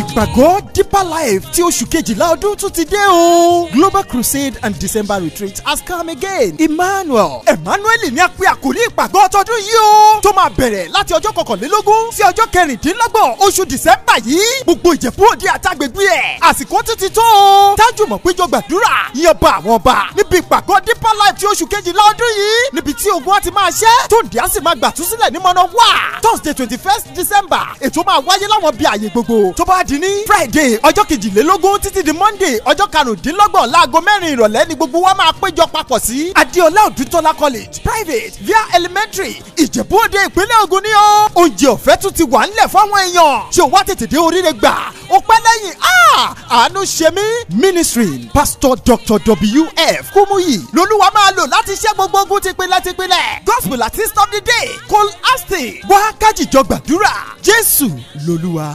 ìpàgọ́ deeper life ti oṣù kejìlá ọdún tún ti dé o. global crusade and december retreat has come again emmanuel. emmanuel ní a pe àkórí ìpàgọ́ ọtọdún yìí o. tó máa bẹ̀rẹ̀ láti ọjọ́ kọkànlélógún sí ọjọ́ kẹrìndínlọ́gbọ̀n oṣù december yìí. gbogbo ìjẹ̀bú òde àtàgbègbè ẹ̀. àsìkò títí tó o. tájùmọ̀ péjọ gbàdúrà yan bá àwọn ọba níbi ìpàgọ́ deeper life àti oṣù kejìlá ọdún yìí níbi tí ogun wa ti máa ṣẹ́ tó á sì máa gbà tú sílẹ̀ ní mọ́nà wá thursday twenty first december ètò máa wáyé láwọn bíi àyè gbogbo tó bá di ní friday ọjọ́ kejìlélógún títí di monday ọjọ́ karùndínlọ́gbọ̀n láago mẹ́rin ìrọ̀lẹ́ ni gbogbo wa máa péjọ papọ̀ sí adéọlá òdútọ́lá college private via elementary ìjẹ̀bú-òde ìpínlẹ̀ ògùn ni ó oúnjẹ ọ̀fẹ́ tún ti wà ńlẹ̀ fáwọn èèyàn ṣé o wá tètè dé oríire gbà ó pẹ́ lẹ́yìn ah, àánú ṣe mí. ministry pastor dr wf kúmúyì lolúwa máa lò láti ṣẹ́ gbogbo ogun tipinlẹ̀ tipinlẹ̀ gospel artist of the day cole astin wá kájíjọ gbàdúrà jésù lolúwa.